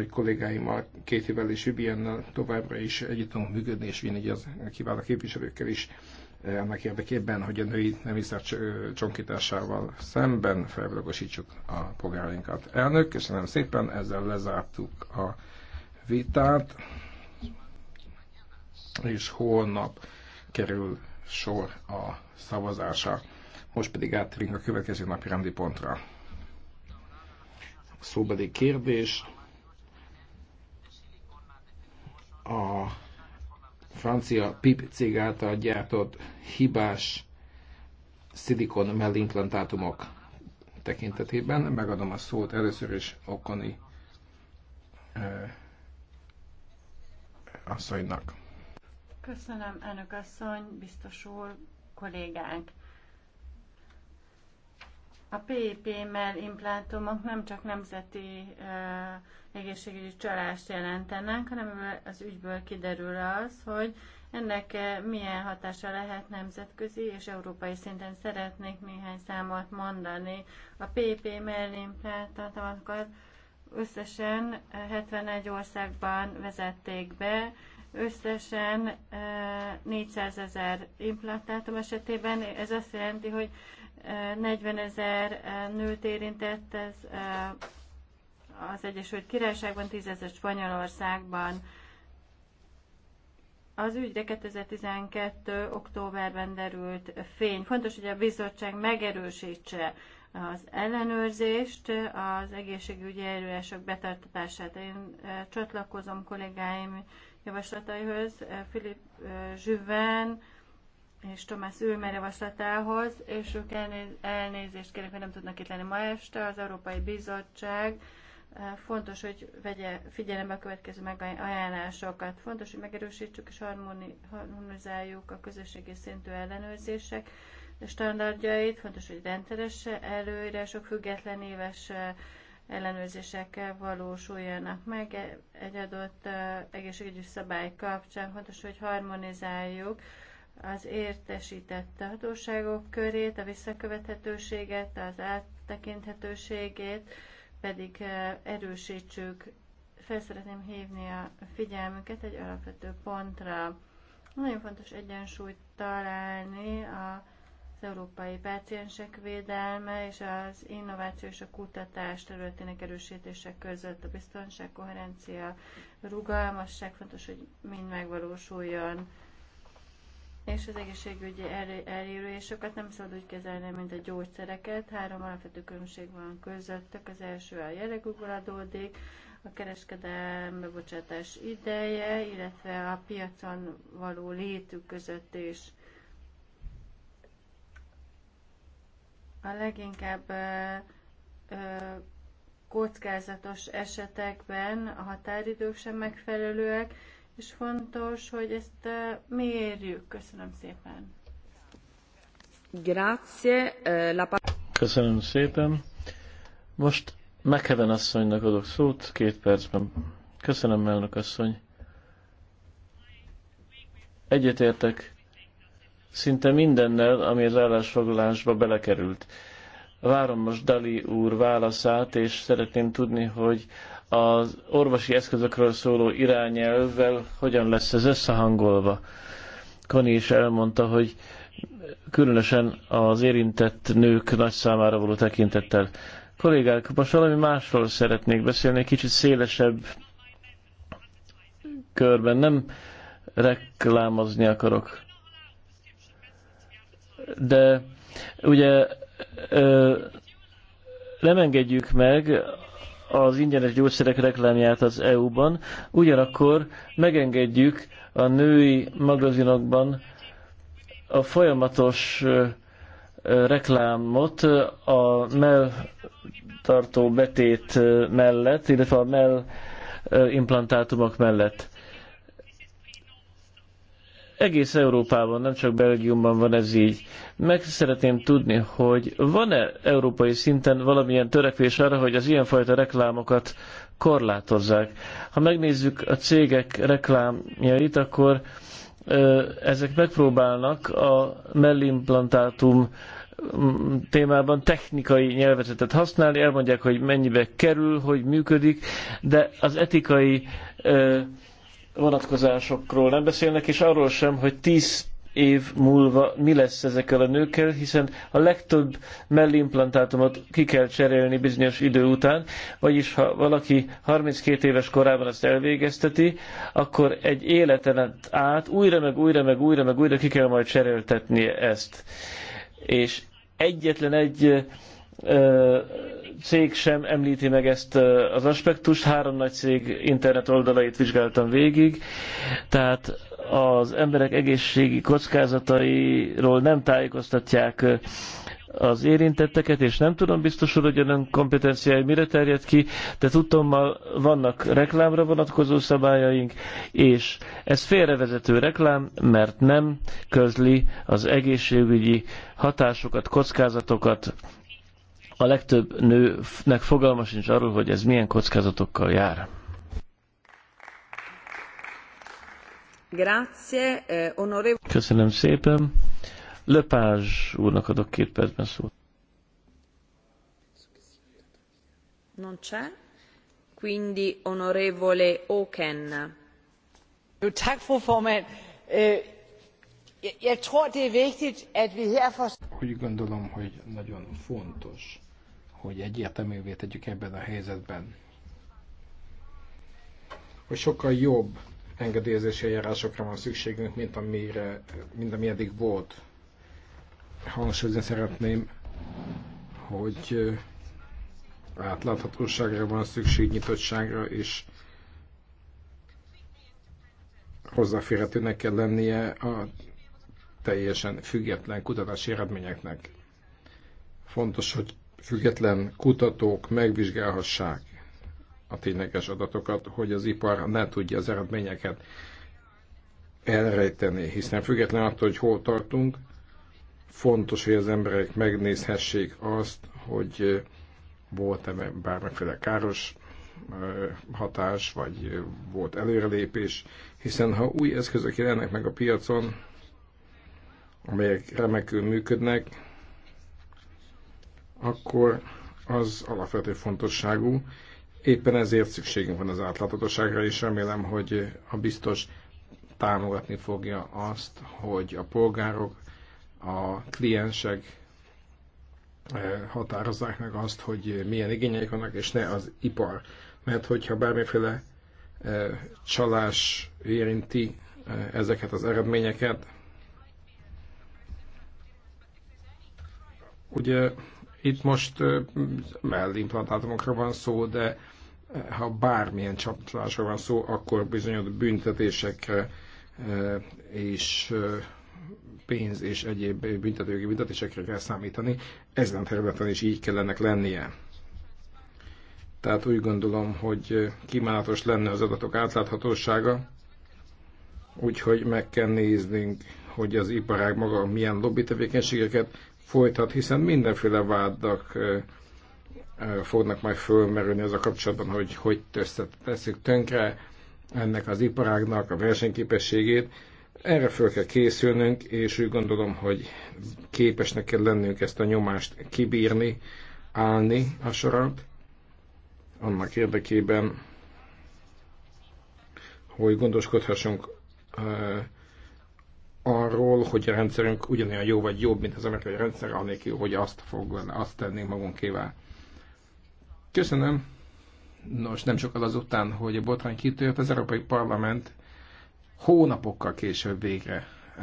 hogy kollégáimmal két évvel és Übiennel továbbra is együtt tudunk működni, és vinni az kiváló képviselőkkel is eh, annak érdekében, hogy a női nemiszert eh, csonkításával szemben felvilágosítsuk a polgárainkat. Elnök, köszönöm szépen, ezzel lezártuk a vitát, és holnap kerül sor a szavazása. Most pedig áttérünk a következő napi rendi pontra. Szóbeli kérdés, a francia PIP cég által gyártott hibás szilikon mellimplantátumok tekintetében. Megadom a szót először is Okoni asszonynak. Köszönöm, elnök asszony, biztos úr, kollégánk. A PIP-mel implantumok nem csak nemzeti uh, egészségügyi csalást jelentenek, hanem az ügyből kiderül az, hogy ennek milyen hatása lehet nemzetközi és európai szinten. Szeretnék néhány számot mondani. A PP mellimplátatokat összesen 71 országban vezették be, összesen 400 ezer implantátum esetében. Ez azt jelenti, hogy 40 ezer eh, nőt érintett ez eh, az Egyesült Királyságban, 10 ezer Spanyolországban. Az ügyre 2012. októberben derült fény. Fontos, hogy a bizottság megerősítse az ellenőrzést, az egészségügyi előírások betartatását. Én eh, csatlakozom kollégáim javaslataihoz. Filip Zsüven, és Tomás Ülmer javaslatához, és ők elnézést kérnek, hogy nem tudnak itt lenni ma este. Az Európai Bizottság eh, fontos, hogy vegye figyelembe a következő megajánlásokat. Fontos, hogy megerősítsük és harmonizáljuk a közösségi szintű ellenőrzések standardjait. Fontos, hogy rendszeres előírások független éves eh, ellenőrzésekkel valósuljanak meg e-, egy adott eh, egészségügyi szabály kapcsán. Fontos, hogy harmonizáljuk az értesített hatóságok körét, a visszakövethetőséget, az áttekinthetőségét pedig eh, erősítsük. Fel szeretném hívni a figyelmüket egy alapvető pontra. Nagyon fontos egyensúlyt találni az európai páciensek védelme és az innováció és a kutatás területének erősítése között. A biztonság, koherencia, rugalmasság fontos, hogy mind megvalósuljon és az egészségügyi elérülésokat nem szabad úgy kezelni, mint a gyógyszereket. Három alapvető különbség van közöttük. Az első a jellegükből adódik, a kereskedelmi bocsátás ideje, illetve a piacon való létük között is. A leginkább ö, ö, kockázatos esetekben a határidők sem megfelelőek, és fontos, hogy ezt eh, mérjük. Köszönöm szépen. Grazie. Eh, la... Köszönöm szépen. Most Mekeven asszonynak adok szót két percben. Köszönöm, elnök asszony. Egyetértek szinte mindennel, ami az állásfoglalásba belekerült. Várom most Dali úr válaszát, és szeretném tudni, hogy az orvosi eszközökről szóló irányelvvel hogyan lesz ez összehangolva. Kani is elmondta, hogy különösen az érintett nők nagy számára való tekintettel. Kollégák, most valami másról szeretnék beszélni, kicsit szélesebb körben. Nem reklámozni akarok. De ugye ö, nem engedjük meg az ingyenes gyógyszerek reklámját az EU-ban, ugyanakkor megengedjük a női magazinokban a folyamatos reklámot a melltartó betét mellett, illetve a mell implantátumok mellett. Egész Európában, nem csak Belgiumban van ez így. Meg szeretném tudni, hogy van-e európai szinten valamilyen törekvés arra, hogy az ilyenfajta reklámokat korlátozzák. Ha megnézzük a cégek reklámjait, akkor ezek megpróbálnak a mellimplantátum témában technikai nyelvezetet használni, elmondják, hogy mennyibe kerül, hogy működik, de az etikai vonatkozásokról nem beszélnek, és arról sem, hogy tíz év múlva mi lesz ezekkel a nőkkel, hiszen a legtöbb mellimplantátumot ki kell cserélni bizonyos idő után, vagyis ha valaki 32 éves korában azt elvégezteti, akkor egy életen át újra meg újra meg újra meg újra ki kell majd cseréltetnie ezt. És egyetlen egy cég sem említi meg ezt az aspektust. Három nagy cég internet oldalait vizsgáltam végig, tehát az emberek egészségi kockázatairól nem tájékoztatják az érintetteket, és nem tudom biztosul, hogy a nem kompetenciái mire terjed ki, de tudtommal vannak reklámra vonatkozó szabályaink, és ez félrevezető reklám, mert nem közli az egészségügyi hatásokat, kockázatokat, a legtöbb nőnek fogalma sincs arról, hogy ez milyen kockázatokkal jár. Grazie, eh, Köszönöm szépen. Löpázs úrnak adok két percben szót. Non c'è? Quindi onorevole Oken. Tak, fru formand. Eh, jeg tror, det er vigtigt, at vi her får... Úgy gondolom, hogy nagyon fontos, hogy egyértelművé tegyük ebben a helyzetben, hogy sokkal jobb engedélyezési eljárásokra van szükségünk, mint, amire, mint ami eddig volt. Hangsúlyozni szeretném, hogy átláthatóságra van szükség, nyitottságra, és hozzáférhetőnek kell lennie a teljesen független kutatási eredményeknek. Fontos, hogy független kutatók megvizsgálhassák a tényleges adatokat, hogy az ipar ne tudja az eredményeket elrejteni, hiszen független attól, hogy hol tartunk, fontos, hogy az emberek megnézhessék azt, hogy volt-e bármiféle káros hatás, vagy volt előrelépés, hiszen ha új eszközök jelennek meg a piacon, amelyek remekül működnek, akkor az alapvető fontosságú. Éppen ezért szükségünk van az átláthatóságra, és remélem, hogy a biztos támogatni fogja azt, hogy a polgárok, a kliensek eh, határozzák meg azt, hogy milyen igényeik vannak, és ne az ipar. Mert hogyha bármiféle eh, csalás érinti eh, ezeket az eredményeket, ugye itt most mellimplantátumokra van szó, de ha bármilyen csapatlásra van szó, akkor bizonyos büntetésekre és pénz és egyéb büntetőjogi büntetésekre kell számítani. Ezen a területen is így kellene lennie. Tehát úgy gondolom, hogy kívánatos lenne az adatok átláthatósága, úgyhogy meg kell néznünk, hogy az iparág maga milyen lobby tevékenységeket folytat, hiszen mindenféle vádak fognak majd fölmerülni az a kapcsolatban, hogy hogy tesszük tönkre ennek az iparágnak a versenyképességét. Erre föl kell készülnünk, és úgy gondolom, hogy képesnek kell lennünk ezt a nyomást kibírni, állni a sorat. annak érdekében, hogy gondoskodhassunk arról, hogy a rendszerünk ugyanolyan jó vagy jobb, mint az amerikai rendszer, anélkül, hogy azt, fog, azt tennénk magunkével. Köszönöm. Nos, nem sokkal azután, hogy a botrány kitört, az Európai Parlament hónapokkal később végre e,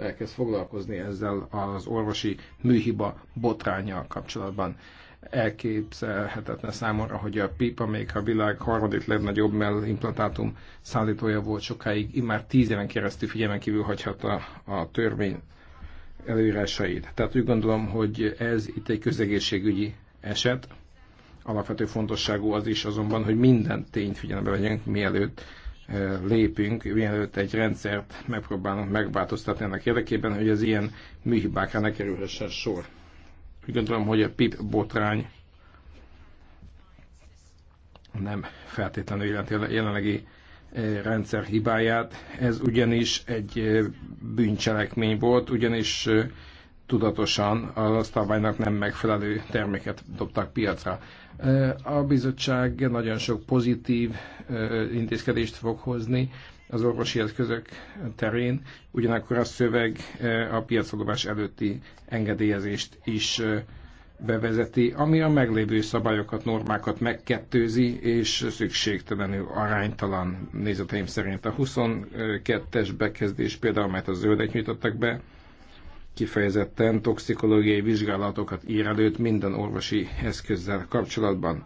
elkezd foglalkozni ezzel az orvosi műhiba botrányjal kapcsolatban elképzelhetetlen számomra, hogy a PIPA még a világ harmadik legnagyobb mellimplantátum szállítója volt sokáig, immár tíz éven keresztül figyelmen kívül hagyhatta a törvény előírásait. Tehát úgy gondolom, hogy ez itt egy közegészségügyi eset. Alapvető fontosságú az is azonban, hogy minden tényt figyelembe vegyünk, mielőtt eh, lépünk, mielőtt egy rendszert megpróbálunk megváltoztatni ennek érdekében, hogy az ilyen műhibákra ne kerülhessen sor. Úgy gondolom, hogy a PIP botrány nem feltétlenül jelenti a jelenlegi eh, rendszer hibáját. Ez ugyanis egy eh, bűncselekmény volt, ugyanis eh, tudatosan a szabálynak nem megfelelő terméket dobtak piacra. A bizottság nagyon sok pozitív intézkedést fog hozni, az orvosi eszközök terén, ugyanakkor a szöveg e, a piacadobás előtti engedélyezést is e, bevezeti, ami a meglévő szabályokat, normákat megkettőzi, és szükségtelenül aránytalan nézeteim szerint. A 22-es bekezdés például, mert a zöldek nyújtottak be, kifejezetten toxikológiai vizsgálatokat ír előtt minden orvosi eszközzel kapcsolatban.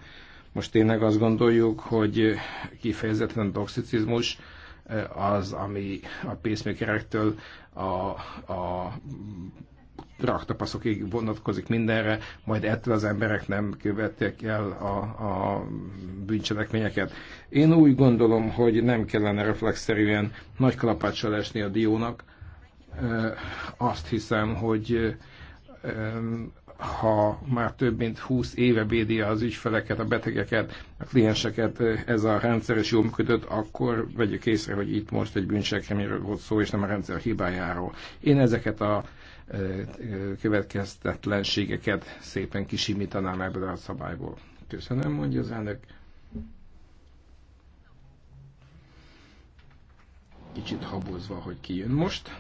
Most tényleg azt gondoljuk, hogy kifejezetten toxicizmus az, ami a pacemakerektől a, a raktapaszokig vonatkozik mindenre, majd ettől az emberek nem követték el a, a bűncselekményeket. Én úgy gondolom, hogy nem kellene reflexzerűen nagy kalapáccsal esni a diónak. Azt hiszem, hogy ha már több mint 20 éve védi az ügyfeleket, a betegeket, a klienseket ez a rendszer is jól működött, akkor vegyük észre, hogy itt most egy bűncselekményről volt szó, és nem a rendszer hibájáról. Én ezeket a következtetlenségeket szépen kisimítanám ebből a szabályból. Köszönöm, mondja az elnök. Kicsit habozva, hogy kijön most.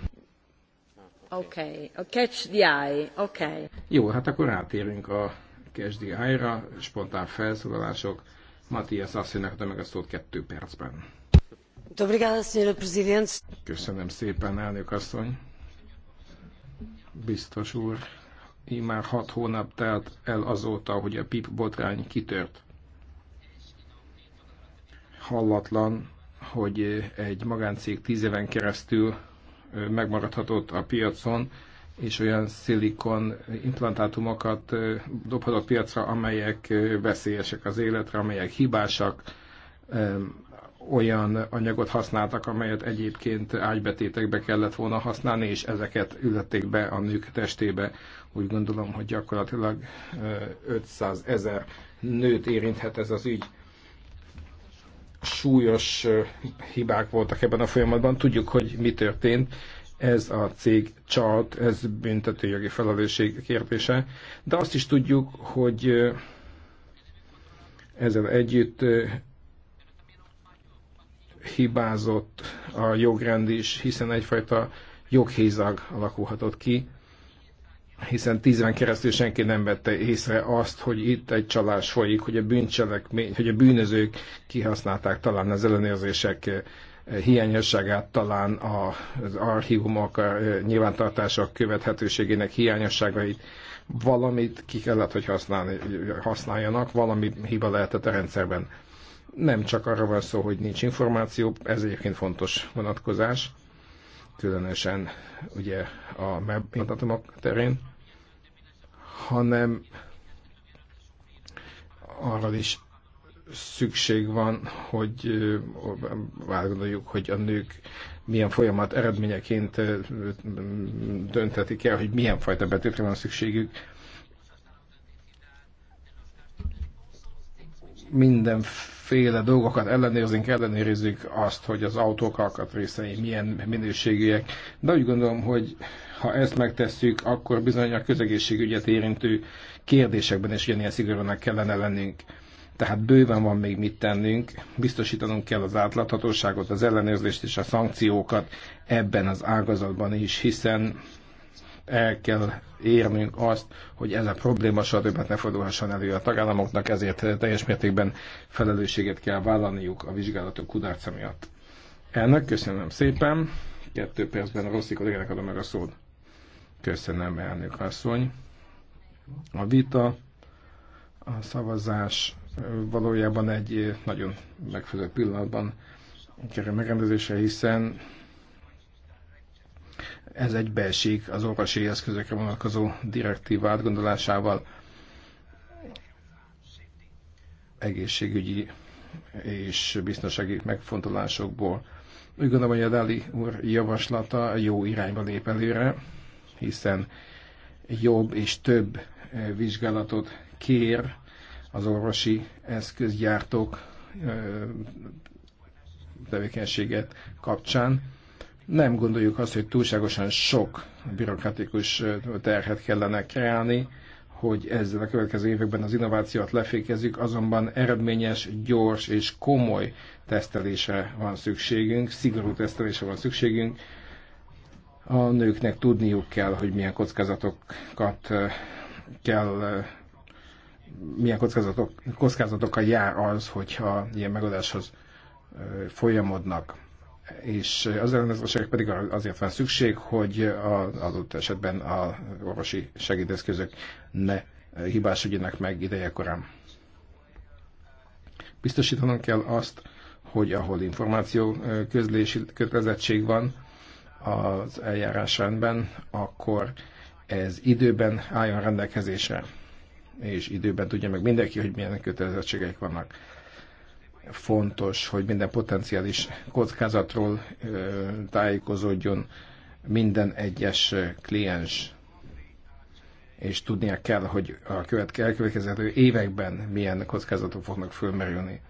Okay. A catch the eye. Okay. Jó, hát akkor átérünk a catch the eye-ra, spontán felszólalások. Matthias Asszonynak adom meg a szót kettő percben. Köszönöm szépen, elnök asszony. Biztos úr, így már hat hónap telt el azóta, hogy a PIP botrány kitört. Hallatlan, hogy egy magáncég tíz éven keresztül megmaradhatott a piacon, és olyan szilikon implantátumokat dobhatott piacra, amelyek veszélyesek az életre, amelyek hibásak, olyan anyagot használtak, amelyet egyébként ágybetétekbe kellett volna használni, és ezeket ültették be a nők testébe. Úgy gondolom, hogy gyakorlatilag 500 ezer nőt érinthet ez az ügy súlyos hibák voltak ebben a folyamatban. Tudjuk, hogy mi történt. Ez a cég csalt, ez büntetőjogi felelősség kérdése. De azt is tudjuk, hogy ezzel együtt hibázott a jogrend is, hiszen egyfajta joghézag alakulhatott ki hiszen tízven keresztül senki nem vette észre azt, hogy itt egy csalás folyik, hogy a bűncselekmény, hogy a bűnözők kihasználták talán az ellenőrzések eh, hiányosságát, talán az archívumok, a eh, nyilvántartások követhetőségének hiányosságait, valamit ki kellett, hogy használni, használjanak, valami hiba lehetett a rendszerben. Nem csak arra van szó, hogy nincs információ, ez egyébként fontos vonatkozás, különösen ugye a megadatomok terén, hanem arra is szükség van, hogy átgondoljuk, hogy a nők milyen folyamat eredményeként dönthetik el, hogy milyen fajta betétre van szükségük, mindenféle dolgokat ellenőrzünk, ellenőrizzük azt, hogy az autók alkatrészei milyen minőségűek. De úgy gondolom, hogy ha ezt megtesszük, akkor bizony a közegészségügyet érintő kérdésekben is ugyanilyen szigorúnak kellene lennünk. Tehát bőven van még mit tennünk, biztosítanunk kell az átláthatóságot, az ellenőrzést és a szankciókat ebben az ágazatban is, hiszen el kell érnünk azt, hogy ez a probléma soha többet ne fordulhasson elő a tagállamoknak, ezért teljes mértékben felelősséget kell vállalniuk a vizsgálatok kudarca miatt. Elnök, köszönöm szépen. Kettő percben a rossz kollégának adom meg a szót. Köszönöm, elnök asszony. A vita, a szavazás valójában egy nagyon megfelelő pillanatban kerül megrendezésre, hiszen ez egybeesik az orvosi eszközökre vonatkozó direktív átgondolásával egészségügyi és biztonsági megfontolásokból. Úgy gondolom, hogy a Dali úr javaslata jó irányba lép előre, hiszen jobb és több eh, vizsgálatot kér az orvosi eszközgyártók eh, tevékenységet kapcsán. Nem gondoljuk azt, hogy túlságosan sok bürokratikus terhet kellene kreálni, hogy ezzel a következő években az innovációt lefékezzük, azonban eredményes, gyors és komoly tesztelésre van szükségünk, szigorú tesztelésre van szükségünk. A nőknek tudniuk kell, hogy milyen kockázatokat kell milyen kockázatok, kockázatokkal jár az, hogyha ilyen megoldáshoz folyamodnak és az ellenőrzések pedig azért van szükség, hogy az adott esetben a orvosi segédeszközök ne hibásodjanak meg ideje korán. Biztosítanunk kell azt, hogy ahol információ közlési kötelezettség van az eljárás rendben, akkor ez időben álljon rendelkezésre, és időben tudja meg mindenki, hogy milyen kötelezettségek vannak fontos, hogy minden potenciális kockázatról tájékozódjon minden egyes kliens, és tudnia kell, hogy a következő években milyen kockázatok fognak fölmerülni.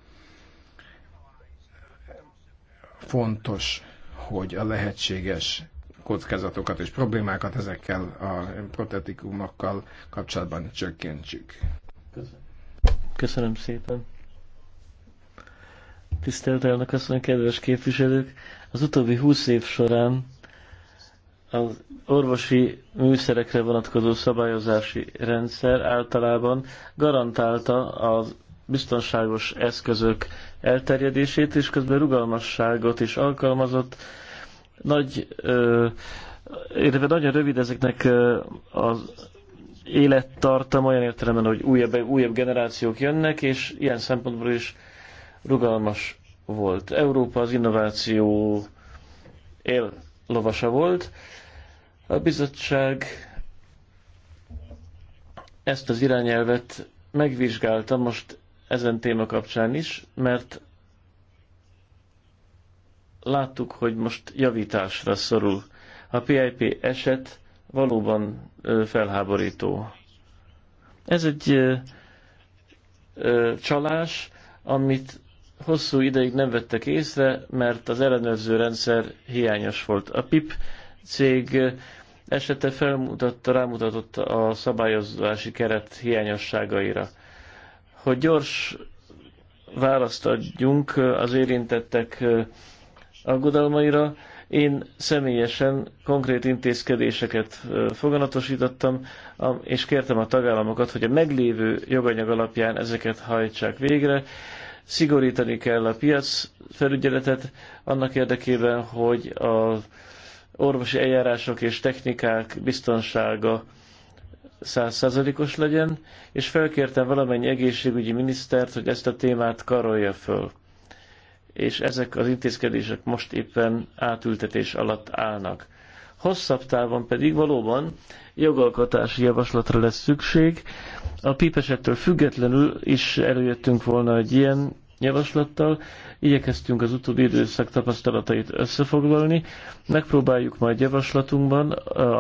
Fontos, hogy a lehetséges kockázatokat és problémákat ezekkel a protetikumokkal kapcsolatban csökkentsük. Köszönöm. Köszönöm szépen. Tisztelt elnök asszony, kedves képviselők! Az utóbbi húsz év során az orvosi műszerekre vonatkozó szabályozási rendszer általában garantálta az biztonságos eszközök elterjedését, és közben rugalmasságot is alkalmazott. Nagy, érve nagyon rövid ezeknek az élettartam olyan értelemben, hogy újabb, újabb generációk jönnek, és ilyen szempontból is rugalmas volt. Európa az innováció él lovasa volt. A bizottság ezt az irányelvet megvizsgálta most ezen téma kapcsán is, mert láttuk, hogy most javításra szorul. A PIP eset valóban felháborító. Ez egy csalás, amit hosszú ideig nem vettek észre, mert az ellenőrző rendszer hiányos volt. A PIP cég esete felmutatta, rámutatott a szabályozási keret hiányosságaira. Hogy gyors választ adjunk az érintettek aggodalmaira, én személyesen konkrét intézkedéseket foganatosítottam, és kértem a tagállamokat, hogy a meglévő joganyag alapján ezeket hajtsák végre. Szigorítani kell a piac felügyeletet annak érdekében, hogy az orvosi eljárások és technikák biztonsága százszázalékos legyen, és felkértem valamennyi egészségügyi minisztert, hogy ezt a témát karolja föl. És ezek az intézkedések most éppen átültetés alatt állnak. Hosszabb távon pedig valóban jogalkotási javaslatra lesz szükség. A pípesettől függetlenül is előjöttünk volna egy ilyen javaslattal, igyekeztünk az utóbbi időszak tapasztalatait összefoglalni, megpróbáljuk majd javaslatunkban,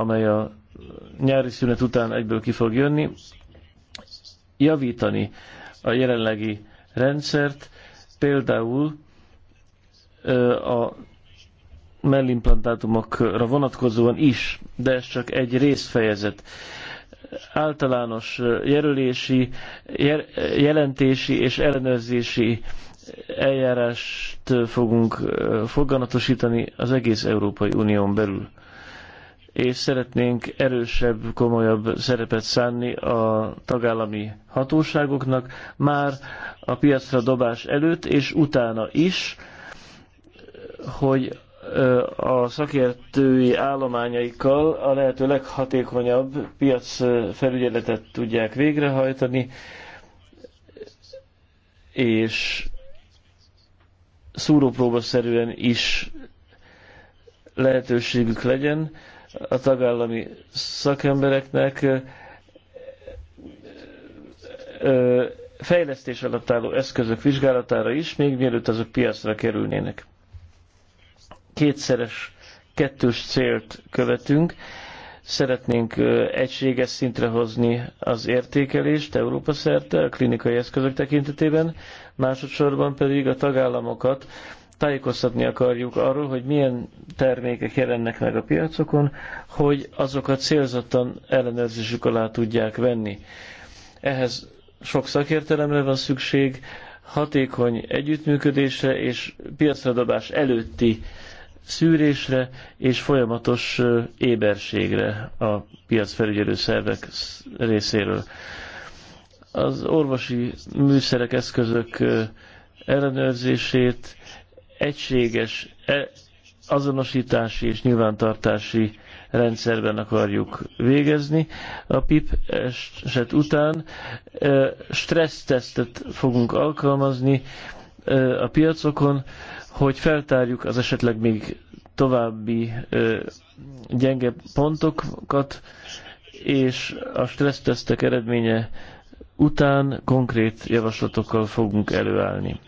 amely a nyári szünet után egyből ki fog jönni, javítani a jelenlegi rendszert, például a mellimplantátumokra vonatkozóan is, de ez csak egy részfejezet. Általános jelölési, jelentési és ellenőrzési eljárást fogunk foganatosítani az egész Európai Unión belül. És szeretnénk erősebb, komolyabb szerepet szánni a tagállami hatóságoknak már a piacra dobás előtt és utána is, hogy a szakértői állományaikkal a lehető leghatékonyabb piacfelügyeletet tudják végrehajtani, és szúrópróbaszerűen is lehetőségük legyen a tagállami szakembereknek fejlesztés alatt álló eszközök vizsgálatára is, még mielőtt azok piacra kerülnének kétszeres, kettős célt követünk. Szeretnénk egységes szintre hozni az értékelést Európa szerte a klinikai eszközök tekintetében, másodszorban pedig a tagállamokat tájékoztatni akarjuk arról, hogy milyen termékek jelennek meg a piacokon, hogy azokat célzottan ellenőrzésük alá tudják venni. Ehhez sok szakértelemre van szükség, hatékony együttműködésre és piacradobás előtti szűrésre és folyamatos éberségre a piacfelügyelő szervek részéről. Az orvosi műszerek, eszközök ellenőrzését egységes e, azonosítási és nyilvántartási rendszerben akarjuk végezni. A PIP eset után stressztesztet fogunk alkalmazni a piacokon, hogy feltárjuk az esetleg még további ö, gyenge pontokat, és a stressztesztek eredménye után konkrét javaslatokkal fogunk előállni.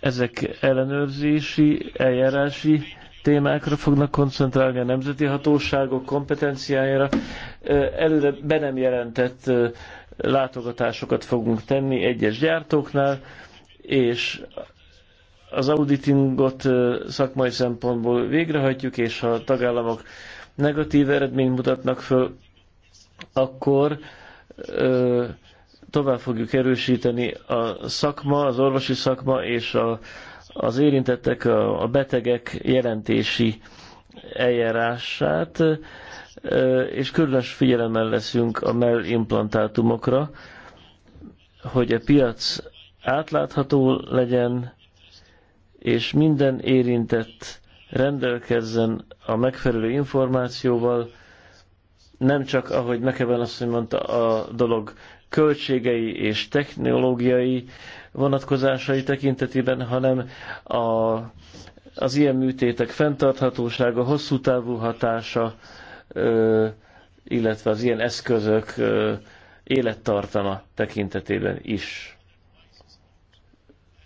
Ezek ellenőrzési, eljárási témákra fognak koncentrálni a nemzeti hatóságok kompetenciájára. Előre be nem jelentett látogatásokat fogunk tenni egyes gyártóknál, és az auditingot szakmai szempontból végrehajtjuk, és ha a tagállamok negatív eredményt mutatnak föl, akkor ö, tovább fogjuk erősíteni a szakma, az orvosi szakma és a, az érintettek, a, a betegek jelentési eljárását, ö, és különös figyelemmel leszünk a mellimplantátumokra, hogy a piac átlátható legyen, és minden érintett rendelkezzen a megfelelő információval, nem csak, ahogy mekeben azt mondta, a dolog költségei és technológiai vonatkozásai tekintetében, hanem a, az ilyen műtétek fenntarthatósága, hosszú távú hatása, ö, illetve az ilyen eszközök ö, élettartama tekintetében is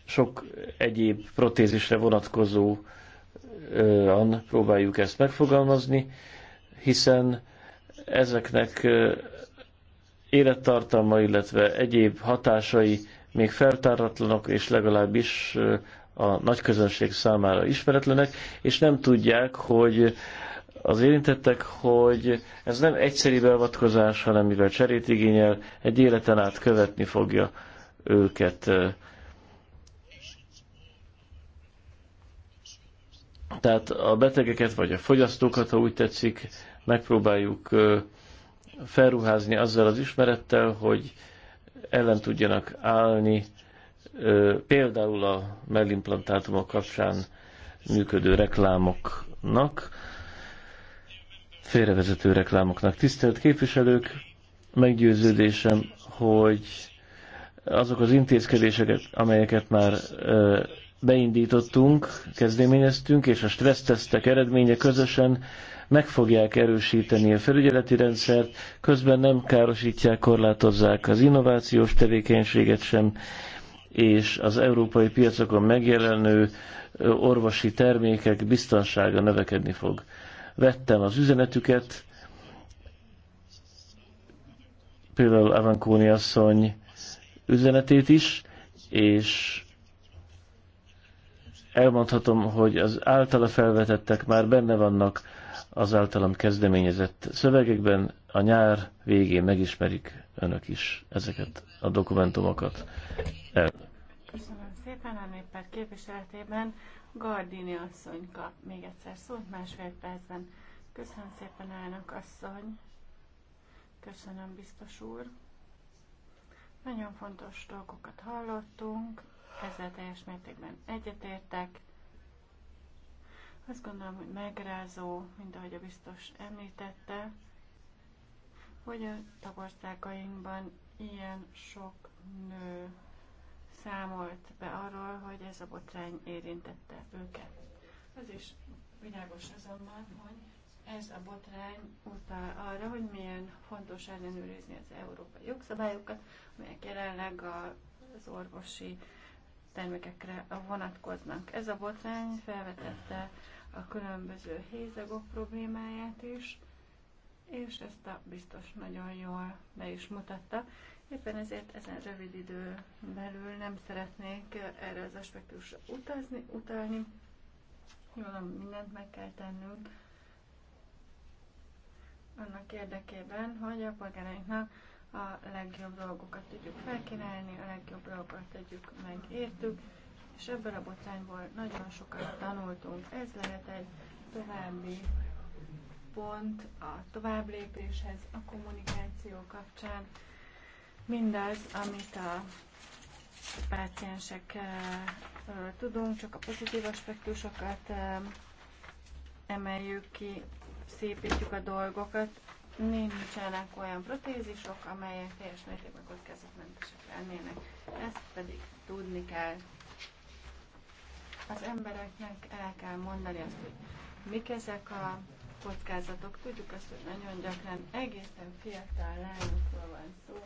sok egyéb protézisre vonatkozóan próbáljuk ezt megfogalmazni, hiszen ezeknek élettartalma, illetve egyéb hatásai még feltáratlanok, és legalábbis a nagy közönség számára ismeretlenek, és nem tudják, hogy az érintettek, hogy ez nem egyszerű beavatkozás, hanem mivel cserét igényel, egy életen át követni fogja őket. Tehát a betegeket, vagy a fogyasztókat, ha úgy tetszik, megpróbáljuk felruházni azzal az ismerettel, hogy ellen tudjanak állni például a mellimplantátumok kapcsán működő reklámoknak, félrevezető reklámoknak. Tisztelt képviselők, meggyőződésem, hogy azok az intézkedéseket, amelyeket már beindítottunk, kezdeményeztünk, és a stressztesztek eredménye közösen meg fogják erősíteni a felügyeleti rendszert, közben nem károsítják, korlátozzák az innovációs tevékenységet sem, és az európai piacokon megjelenő orvosi termékek biztonsága növekedni fog. Vettem az üzenetüket, például Avankóni asszony üzenetét is, és elmondhatom, hogy az általa felvetettek már benne vannak az általam kezdeményezett szövegekben, a nyár végén megismerik önök is ezeket a dokumentumokat. El. Köszönöm szépen, a néppárt képviseletében Gardini asszony kap még egyszer szót másfél percben. Köszönöm szépen, elnök asszony. Köszönöm, biztos úr. Nagyon fontos dolgokat hallottunk, ezzel teljes mértékben egyetértek. Azt gondolom, hogy megrázó, mint ahogy a biztos említette, hogy a tagországainkban ilyen sok nő számolt be arról, hogy ez a botrány érintette őket. Az is világos azonban, hogy ez a botrány utal arra, hogy milyen fontos ellenőrizni az európai jogszabályokat, amelyek jelenleg az orvosi termékekre vonatkoznak. Ez a botrány felvetette a különböző hézagok problémáját is, és ezt a biztos nagyon jól be is mutatta. Éppen ezért ezen rövid idő belül nem szeretnék erre az aspektusra utazni, utalni. Jól mindent meg kell tennünk annak érdekében, hogy a polgárainknak a legjobb dolgokat tudjuk felkínálni, a legjobb dolgokat tudjuk megértük, és ebből a botrányból nagyon sokat tanultunk. Ez lehet egy további pont a tovább lépéshez, a kommunikáció kapcsán. Mindaz, amit a páciensekről tudunk, csak a pozitív aspektusokat ehm, emeljük ki, szépítjük a dolgokat, nincsenek olyan protézisok, amelyek teljes mértékben kockázatmentesek lennének. Ezt pedig tudni kell. Az embereknek el kell mondani azt, hogy mik ezek a kockázatok. Tudjuk azt, hogy nagyon gyakran egészen fiatal lányokról van szó,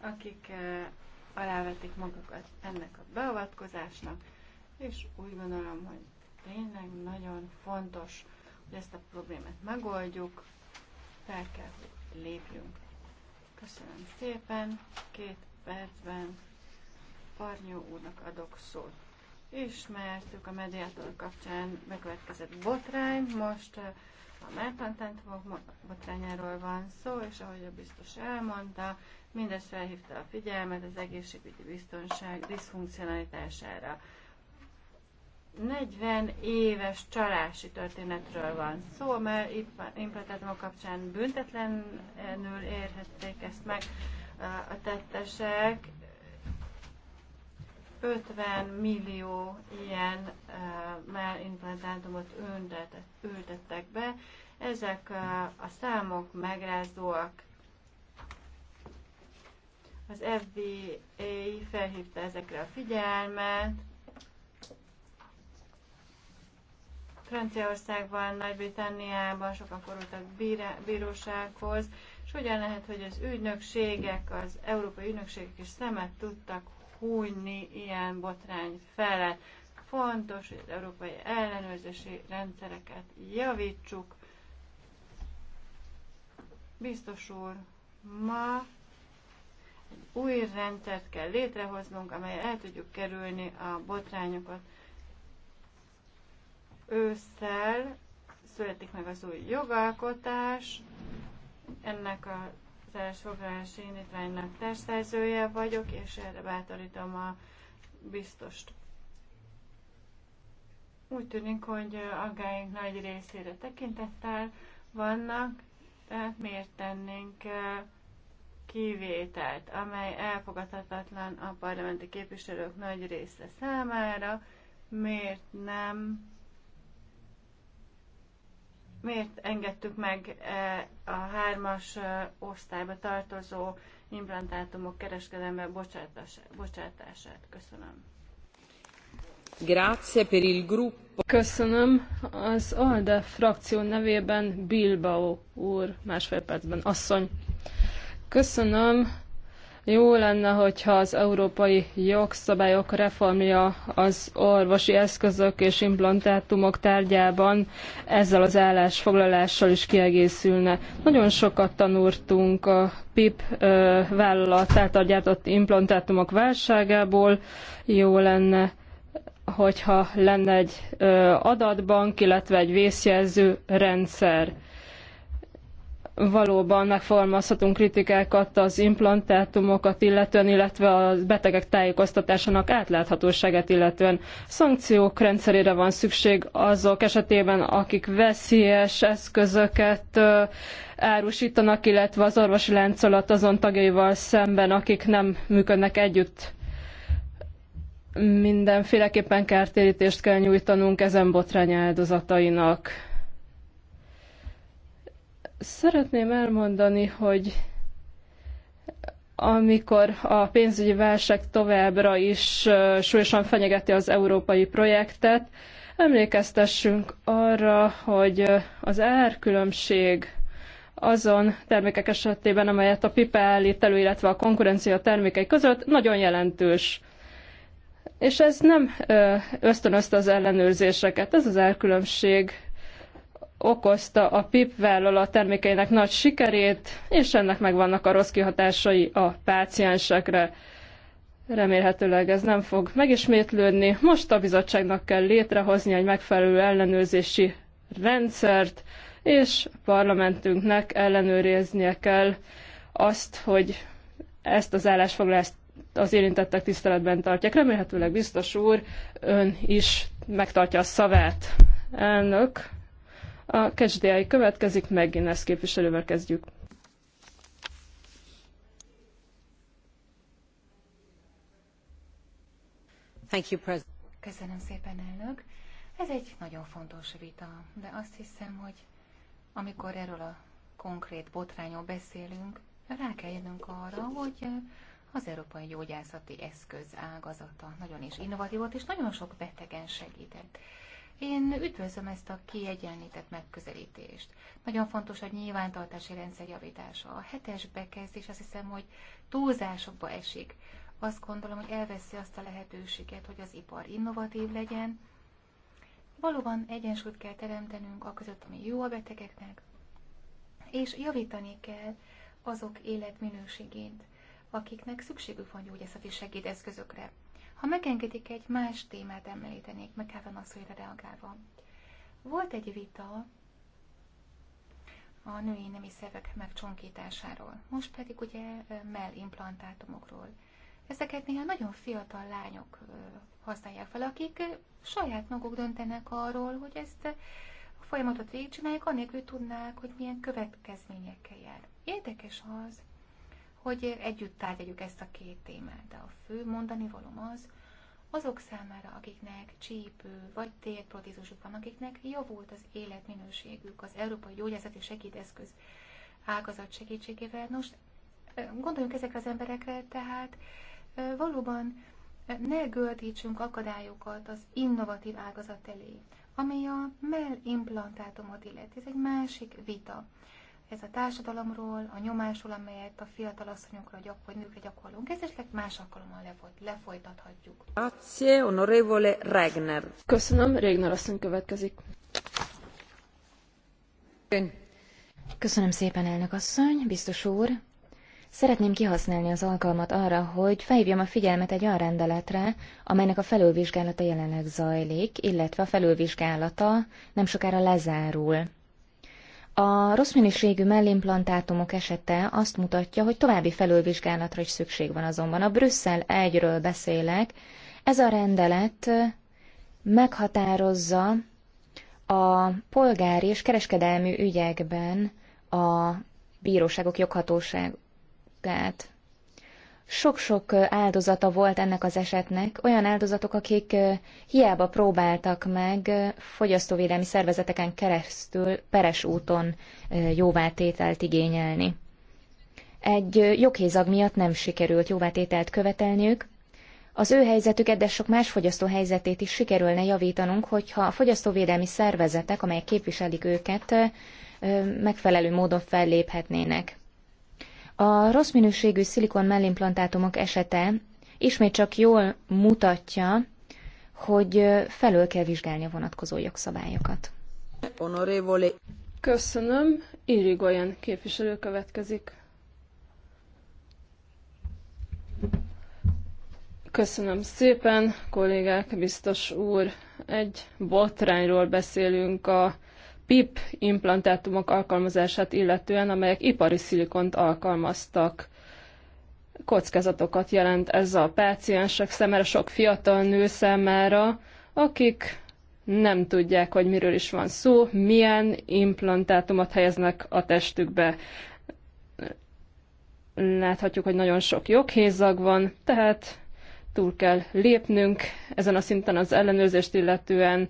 akik eh, alávetik magukat ennek a beavatkozásnak, és úgy gondolom, hogy tényleg nagyon fontos, hogy ezt a problémát megoldjuk, fel kell, hogy lépjünk. Köszönöm szépen, két percben Parnyó úrnak adok szót. Ismertük a mediátor kapcsán megkövetkezett botrány, most eh, a Mertantent botrányáról van szó, és ahogy a biztos elmondta, mindez felhívta a figyelmet az egészségügyi biztonság diszfunkcionalitására. 40 éves csalási történetről van szó, mert implantátumok kapcsán büntetlenül érhették ezt meg a tettesek. 50 millió ilyen már implantátumot ültettek be. Ezek a számok megrázóak. Az FBI felhívta ezekre a figyelmet, Franciaországban, Nagy-Britanniában sokan forultak bírá, bírósághoz, és hogyan lehet, hogy az ügynökségek, az európai ügynökségek is szemet tudtak hújni ilyen botrány felett. Fontos, hogy az európai ellenőrzési rendszereket javítsuk. Biztos úr, ma egy új rendszert kell létrehoznunk, amely el tudjuk kerülni a botrányokat ősszel születik meg az új jogalkotás, ennek a állásfoglalási indítványnak társzerzője vagyok, és erre bátorítom a biztost. Úgy tűnik, hogy aggáink nagy részére tekintettel vannak, tehát miért tennénk eh, kivételt, amely elfogadhatatlan a parlamenti képviselők nagy része számára, miért nem miért engedtük meg e, a hármas e, osztályba tartozó implantátumok kereskedelme bocsátását? Köszönöm. Grazie per il gruppo. Köszönöm. Az ALDE frakció nevében Bilbao úr másfél percben. Asszony. Köszönöm. Jó lenne, hogyha az európai jogszabályok reformja az orvosi eszközök és implantátumok tárgyában ezzel az állásfoglalással is kiegészülne. Nagyon sokat tanultunk a PIP vállalat által gyártott implantátumok válságából. Jó lenne, hogyha lenne egy adatbank, illetve egy vészjelző rendszer valóban megfogalmazhatunk kritikákat az implantátumokat illetően, illetve a betegek tájékoztatásának átláthatóságát illetően. Szankciók rendszerére van szükség azok esetében, akik veszélyes eszközöket árusítanak, illetve az orvosi láncolat azon tagjaival szemben, akik nem működnek együtt. Mindenféleképpen kártérítést kell nyújtanunk ezen botrány áldozatainak. Szeretném elmondani, hogy amikor a pénzügyi válság továbbra is súlyosan fenyegeti az európai projektet, emlékeztessünk arra, hogy az árkülönbség azon termékek esetében, amelyet a pipa állít elő, illetve a konkurencia termékei között nagyon jelentős. És ez nem ösztönözte az ellenőrzéseket, ez az elkülönbség okozta a PIP vállalat termékeinek nagy sikerét, és ennek megvannak a rossz kihatásai a páciensekre. Remélhetőleg ez nem fog megismétlődni. Most a bizottságnak kell létrehozni egy megfelelő ellenőrzési rendszert, és parlamentünknek ellenőriznie kell azt, hogy ezt az állásfoglalást az érintettek tiszteletben tartják. Remélhetőleg biztos úr ön is megtartja a szavát. Elnök, a KSDI következik, meg Innes képviselővel kezdjük. Thank you, Köszönöm szépen, elnök. Ez egy nagyon fontos vita, de azt hiszem, hogy amikor erről a konkrét botrányról beszélünk, rá kell jönnünk arra, hogy eh, az európai gyógyászati eszköz ágazata nagyon is innovatív volt, és nagyon sok betegen segített. Én üdvözlöm ezt a kiegyenlített megközelítést. Nagyon fontos a nyilvántartási rendszer javítása. A hetes bekezdés azt hiszem, hogy túlzásokba esik. Azt gondolom, hogy elveszi azt a lehetőséget, hogy az ipar innovatív legyen. Valóban egyensúlyt kell teremtenünk a között, ami jó a betegeknek, és javítani kell azok életminőségét, akiknek szükségük van gyógyászati segédeszközökre. Ha megengedik, egy más témát említenék, meg Kevin asszonyra reagálva. Volt egy vita a női nemi szervek megcsonkításáról, most pedig ugye mellimplantátumokról. Ezeket néha nagyon fiatal lányok használják fel, akik saját maguk döntenek arról, hogy ezt a folyamatot végigcsinálják, anélkül tudnák, hogy milyen következményekkel jár. Érdekes az, hogy együtt tárgyaljuk ezt a két témát. De a fő mondani valom az, azok számára, akiknek csípő vagy térprotézusuk van, akiknek javult az életminőségük az Európai Gyógyászati Segédeszköz ágazat segítségével. Nos, gondoljunk ezek az emberekre, tehát valóban ne gördítsünk akadályokat az innovatív ágazat elé, ami a mellimplantátumot illeti. Ez egy másik vita ez a társadalomról, a nyomásról, amelyet a fiatal asszonyokra, gyakor, nőkre gyakorlunk. Ez esetleg más alkalommal lefolytathatjuk. Grazie, onorevole Regner. Köszönöm, Regner asszony következik. Ön. Köszönöm szépen, elnök asszony, biztos úr. Szeretném kihasználni az alkalmat arra, hogy felhívjam a figyelmet egy olyan rendeletre, amelynek a felülvizsgálata jelenleg zajlik, illetve a felülvizsgálata nem sokára lezárul. A rossz minőségű mellimplantátumok esete azt mutatja, hogy további felülvizsgálatra is szükség van azonban. A Brüsszel 1 beszélek. Ez a rendelet meghatározza a polgári és kereskedelmi ügyekben a bíróságok joghatóságát. Sok-sok áldozata volt ennek az esetnek, olyan áldozatok, akik hiába próbáltak meg fogyasztóvédelmi szervezeteken keresztül peres úton jóvátételt igényelni. Egy joghézag miatt nem sikerült jóvátételt követelniük, az ő helyzetüket, de sok más fogyasztó helyzetét is sikerülne javítanunk, hogyha a fogyasztóvédelmi szervezetek, amelyek képviselik őket, megfelelő módon felléphetnének. A rossz minőségű szilikon mellimplantátumok esete ismét csak jól mutatja, hogy felől kell vizsgálni a vonatkozó jogszabályokat. Honorévoli. Köszönöm. Irigoyen képviselő következik. Köszönöm szépen, kollégák, biztos úr. Egy botrányról beszélünk a PIP implantátumok alkalmazását illetően, amelyek ipari szilikont alkalmaztak. Kockázatokat jelent ez a páciensek szemére sok fiatal nő számára, akik nem tudják, hogy miről is van szó, milyen implantátumot helyeznek a testükbe. Láthatjuk, hogy nagyon sok joghézag van, tehát túl kell lépnünk ezen a szinten az ellenőrzést illetően,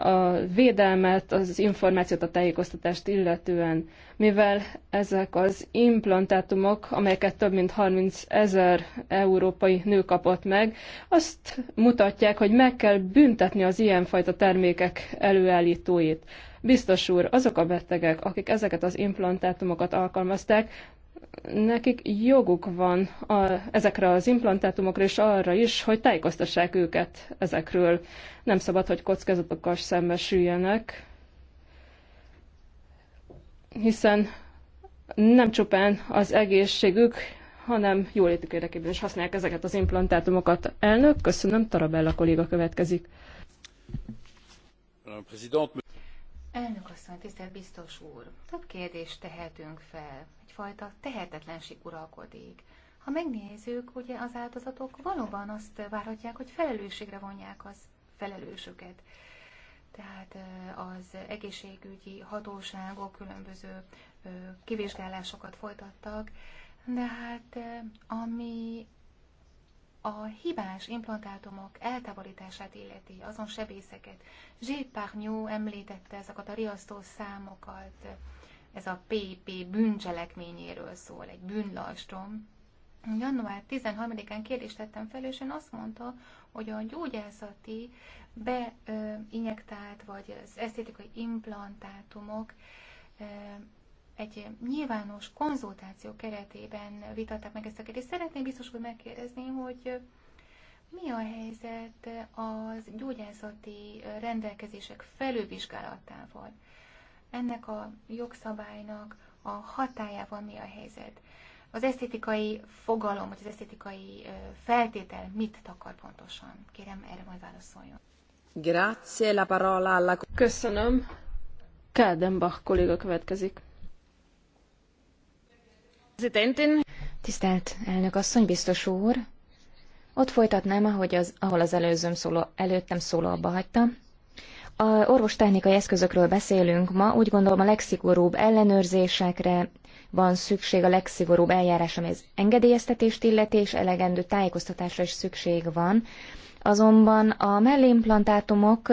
a védelmet, az információt, a tájékoztatást illetően, mivel ezek az implantátumok, amelyeket több mint 30 ezer európai nő kapott meg, azt mutatják, hogy meg kell büntetni az ilyenfajta termékek előállítóit. Biztos úr, azok a betegek, akik ezeket az implantátumokat alkalmazták, nekik joguk van a, ezekre az implantátumokra és arra is, hogy tájékoztassák őket ezekről. Nem szabad, hogy kockázatokkal szembesüljenek, hiszen nem csupán az egészségük, hanem jólétük érdekében is használják ezeket az implantátumokat. Elnök, köszönöm, Tarabella kolléga következik. Elnök asszony, tisztelt biztos úr, több kérdést tehetünk fel. Egyfajta tehetetlenség uralkodik. Ha megnézzük, ugye az áldozatok valóban azt várhatják, hogy felelősségre vonják az felelősöket. Tehát az egészségügyi hatóságok különböző kivizsgálásokat folytattak, de hát ami a hibás implantátumok eltávolítását illeti, azon sebészeket. Gilles Parnyó említette ezeket a riasztó számokat, ez a PP bűncselekményéről szól, egy bűnlastrom. Január 13-án kérdést tettem fel, és ön azt mondta, hogy a gyógyászati beinjektált vagy az esztétikai implantátumok egy nyilvános konzultáció keretében vitatták meg ezt a kérdést. Szeretném biztos, úr megkérdezni, hogy mi a helyzet az gyógyászati rendelkezések felülvizsgálatával? Ennek a jogszabálynak a hatájával mi a helyzet? Az esztétikai fogalom, vagy az esztétikai feltétel mit takar pontosan? Kérem, erre majd válaszoljon. Grazie la parola alla... Köszönöm. Kádenbach kolléga következik. Tisztelt elnök asszony, biztos úr! Ott folytatnám, ahogy az, ahol az előzőm szóló, előttem szóló abba hagyta. A orvostechnikai eszközökről beszélünk ma, úgy gondolom a legszigorúbb ellenőrzésekre van szükség, a legszigorúbb eljárás, ami az engedélyeztetést illeti, és elegendő tájékoztatásra is szükség van. Azonban a mellimplantátumok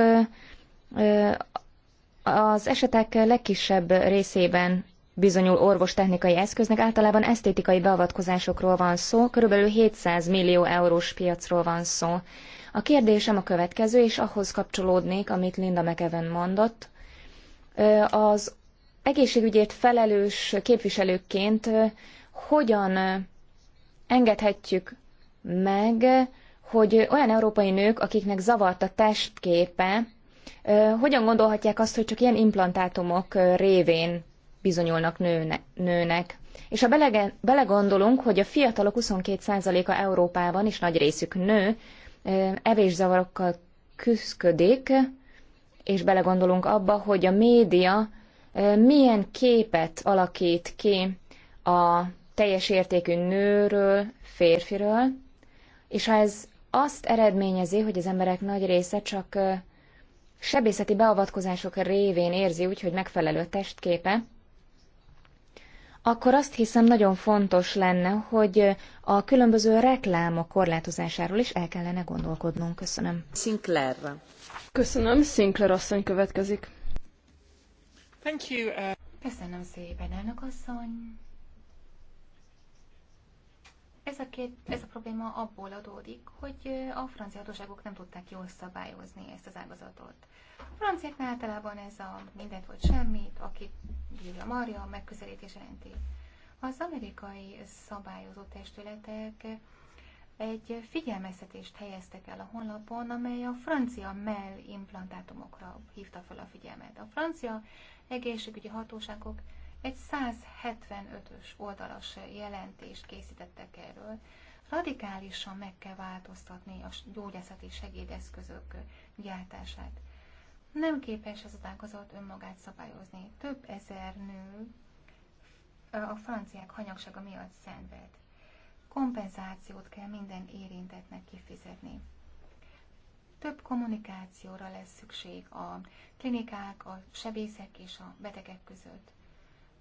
az esetek legkisebb részében bizonyul orvostechnikai eszköznek, általában esztétikai beavatkozásokról van szó, körülbelül 700 millió eurós piacról van szó. A kérdésem a következő, és ahhoz kapcsolódnék, amit Linda McEwen mondott. Az egészségügyért felelős képviselőként hogyan engedhetjük meg, hogy olyan európai nők, akiknek zavart a testképe, hogyan gondolhatják azt, hogy csak ilyen implantátumok révén bizonyulnak nőnek. És ha belege, belegondolunk, hogy a fiatalok 22%-a Európában, is nagy részük nő, evészavarokkal küzdik, és belegondolunk abba, hogy a média milyen képet alakít ki a teljes értékű nőről, férfiről, és ha ez azt eredményezi, hogy az emberek nagy része csak sebészeti beavatkozások révén érzi úgy, hogy megfelelő testképe, akkor azt hiszem nagyon fontos lenne, hogy a különböző reklámok korlátozásáról is el kellene gondolkodnunk. Köszönöm. Sinclair. Köszönöm. Sinclair asszony következik. Thank you. Uh, Köszönöm szépen, elnök asszony. Ez a, két, ez a probléma abból adódik, hogy a francia hatóságok nem tudták jól szabályozni ezt az ágazatot. A franciáknál általában ez a mindent vagy semmit, aki bírja marja, megközelítés jelenti. Az amerikai szabályozó testületek egy figyelmeztetést helyeztek el a honlapon, amely a francia mellimplantátumokra hívta fel a figyelmet. A francia egészségügyi hatóságok egy 175-ös oldalas jelentést készítettek erről. Radikálisan meg kell változtatni a gyógyászati segédeszközök gyártását. Nem képes az ágazat önmagát szabályozni. Több ezer nő a franciák hanyagsága miatt szenved. Kompenzációt kell minden érintetnek kifizetni több kommunikációra lesz szükség a klinikák, a sebészek és a betegek között.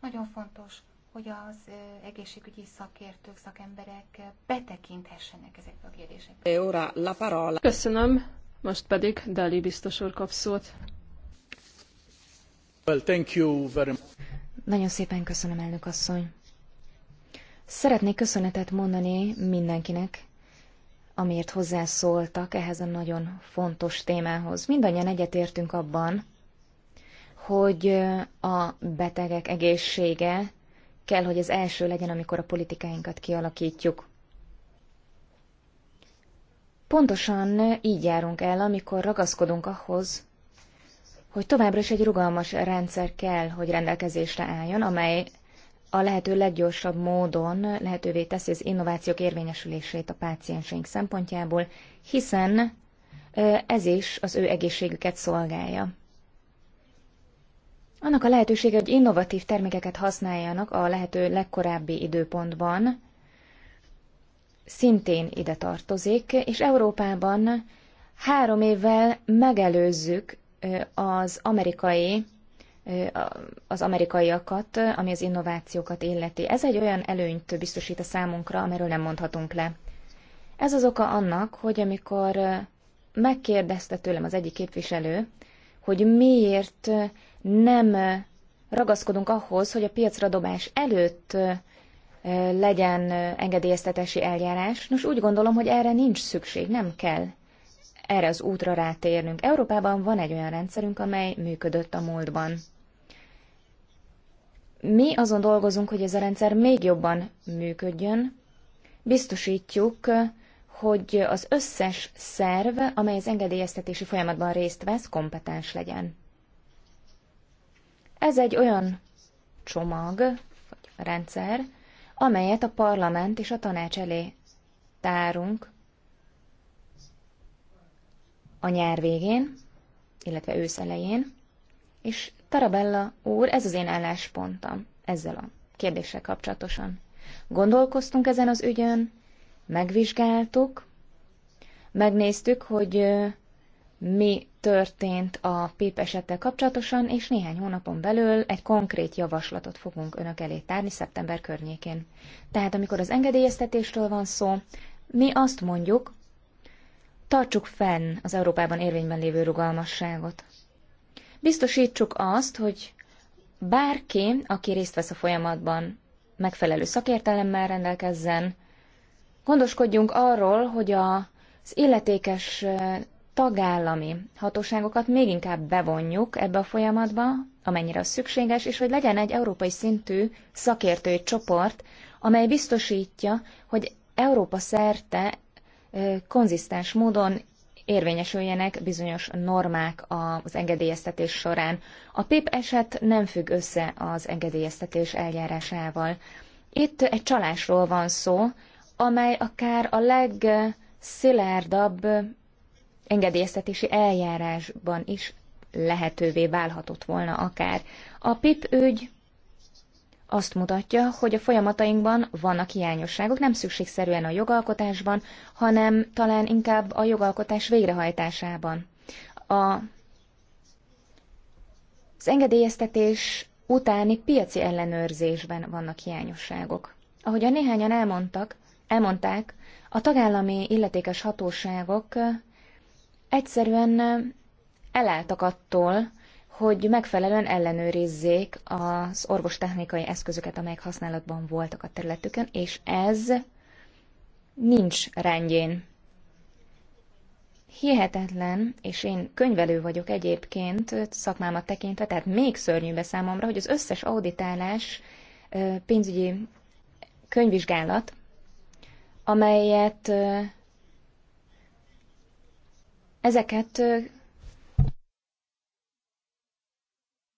Nagyon fontos, hogy az egészségügyi szakértők, szakemberek betekinthessenek ezekbe a kérdésekbe. E ora la parola. Köszönöm, most pedig Dali biztos úr kap szót. Well, thank you very much. Nagyon szépen köszönöm, elnök asszony. Szeretnék köszönetet mondani mindenkinek, amiért hozzászóltak ehhez a nagyon fontos témához. Mindannyian egyetértünk abban, hogy a betegek egészsége kell, hogy az első legyen, amikor a politikáinkat kialakítjuk. Pontosan így járunk el, amikor ragaszkodunk ahhoz, hogy továbbra is egy rugalmas rendszer kell, hogy rendelkezésre álljon, amely a lehető leggyorsabb módon lehetővé teszi az innovációk érvényesülését a pácienseink szempontjából, hiszen ez is az ő egészségüket szolgálja annak a lehetősége, hogy innovatív termékeket használjanak a lehető legkorábbi időpontban, szintén ide tartozik, és Európában három évvel megelőzzük az amerikai az amerikaiakat, ami az innovációkat illeti. Ez egy olyan előnyt biztosít a számunkra, amiről nem mondhatunk le. Ez az oka annak, hogy amikor megkérdezte tőlem az egyik képviselő, hogy miért nem ragaszkodunk ahhoz, hogy a piacra dobás előtt legyen engedélyeztetési eljárás. Nos, úgy gondolom, hogy erre nincs szükség, nem kell erre az útra rátérnünk. Európában van egy olyan rendszerünk, amely működött a múltban. Mi azon dolgozunk, hogy ez a rendszer még jobban működjön, biztosítjuk hogy az összes szerv, amely az engedélyeztetési folyamatban részt vesz, kompetens legyen. Ez egy olyan csomag, vagy rendszer, amelyet a parlament és a tanács elé tárunk a nyár végén, illetve ősz elején, és Tarabella úr, ez az én álláspontom ezzel a kérdéssel kapcsolatosan. Gondolkoztunk ezen az ügyön, megvizsgáltuk, megnéztük, hogy mi történt a PIP esettel kapcsolatosan, és néhány hónapon belül egy konkrét javaslatot fogunk önök elé tárni szeptember környékén. Tehát amikor az engedélyeztetésről van szó, mi azt mondjuk, tartsuk fenn az Európában érvényben lévő rugalmasságot. Biztosítsuk azt, hogy bárki, aki részt vesz a folyamatban, megfelelő szakértelemmel rendelkezzen, gondoskodjunk arról, hogy az illetékes tagállami hatóságokat még inkább bevonjuk ebbe a folyamatba, amennyire az szükséges, és hogy legyen egy európai szintű szakértői csoport, amely biztosítja, hogy Európa szerte konzisztens módon érvényesüljenek bizonyos normák az engedélyeztetés során. A PIP eset nem függ össze az engedélyeztetés eljárásával. Itt egy csalásról van szó, amely akár a legszilárdabb engedélyeztetési eljárásban is lehetővé válhatott volna akár. A PIP ügy azt mutatja, hogy a folyamatainkban vannak hiányosságok, nem szükségszerűen a jogalkotásban, hanem talán inkább a jogalkotás végrehajtásában. A, az engedélyeztetés utáni piaci ellenőrzésben vannak hiányosságok. Ahogyan néhányan elmondtak, elmondták, a tagállami illetékes hatóságok egyszerűen elálltak attól, hogy megfelelően ellenőrizzék az orvostechnikai eszközöket, amelyek használatban voltak a területükön, és ez nincs rendjén. Hihetetlen, és én könyvelő vagyok egyébként szakmámat tekintve, tehát még szörnyűbb számomra, hogy az összes auditálás, pénzügyi könyvvizsgálat, amelyet ezeket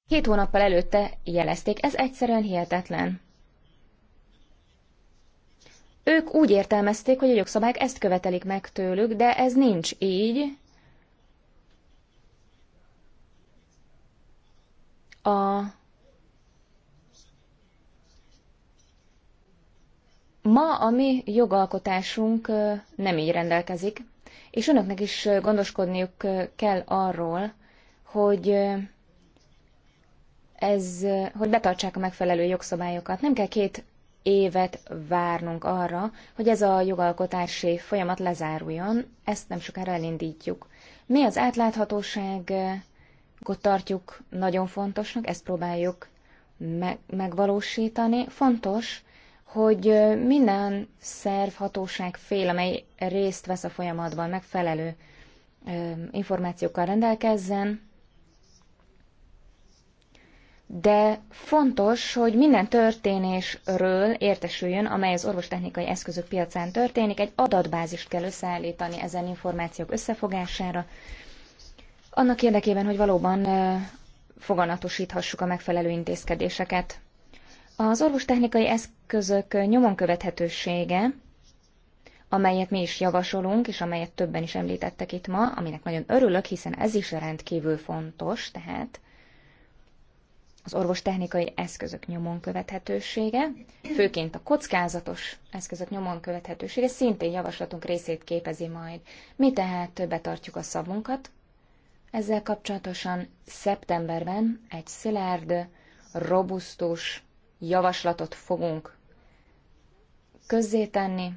Két hónappal előtte jelezték, ez egyszerűen hihetetlen. Ők úgy értelmezték, hogy a jogszabályok ezt követelik meg tőlük, de ez nincs így. A Ma a mi jogalkotásunk nem így rendelkezik, és önöknek is gondoskodniuk kell arról, hogy ez, hogy betartsák a megfelelő jogszabályokat. Nem kell két évet várnunk arra, hogy ez a jogalkotási folyamat lezáruljon, ezt nem sokára elindítjuk. Mi az átláthatóságot tartjuk nagyon fontosnak, ezt próbáljuk megvalósítani. Fontos, hogy minden szerv, hatóság fél, amely részt vesz a folyamatban, megfelelő információkkal rendelkezzen, de fontos, hogy minden történésről értesüljön, amely az orvostechnikai eszközök piacán történik, egy adatbázist kell összeállítani ezen információk összefogására, annak érdekében, hogy valóban foganatosíthassuk a megfelelő intézkedéseket. Az orvostechnikai eszközök nyomon követhetősége, amelyet mi is javasolunk, és amelyet többen is említettek itt ma, aminek nagyon örülök, hiszen ez is rendkívül fontos, tehát az orvostechnikai eszközök nyomon követhetősége, főként a kockázatos eszközök nyomon követhetősége szintén javaslatunk részét képezi majd. Mi tehát betartjuk a szavunkat. Ezzel kapcsolatosan szeptemberben egy szilárd, robusztus javaslatot fogunk közzétenni,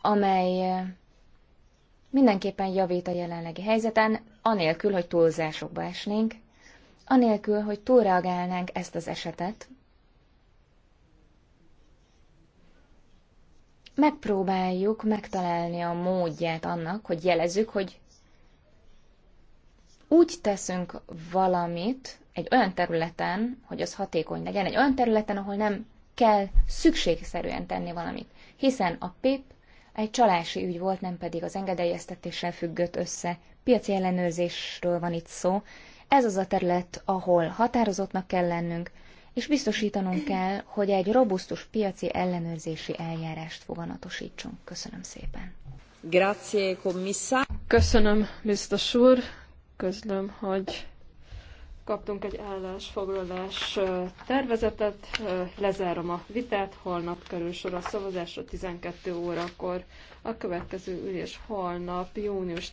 amely eh, mindenképpen javít a jelenlegi helyzeten, anélkül, hogy túlzásokba esnénk, anélkül, hogy túlreagálnánk ezt az esetet. Megpróbáljuk megtalálni a módját annak, hogy jelezzük, hogy úgy teszünk valamit, egy olyan területen, hogy az hatékony legyen, egy olyan területen, ahol nem kell szükségszerűen tenni valamit. Hiszen a PIP egy csalási ügy volt, nem pedig az engedélyeztetéssel függött össze. Piaci ellenőrzésről van itt szó. Ez az a terület, ahol határozottnak kell lennünk, és biztosítanunk kell, hogy egy robusztus piaci ellenőrzési eljárást foganatosítsunk. Köszönöm szépen. Grazie, Commissa. Köszönöm, biztos úr. Közlöm, hogy kaptunk egy állásfoglalás tervezetet, lezárom a vitát, holnap kerül sor a szavazásra 12 órakor. A következő ülés holnap, június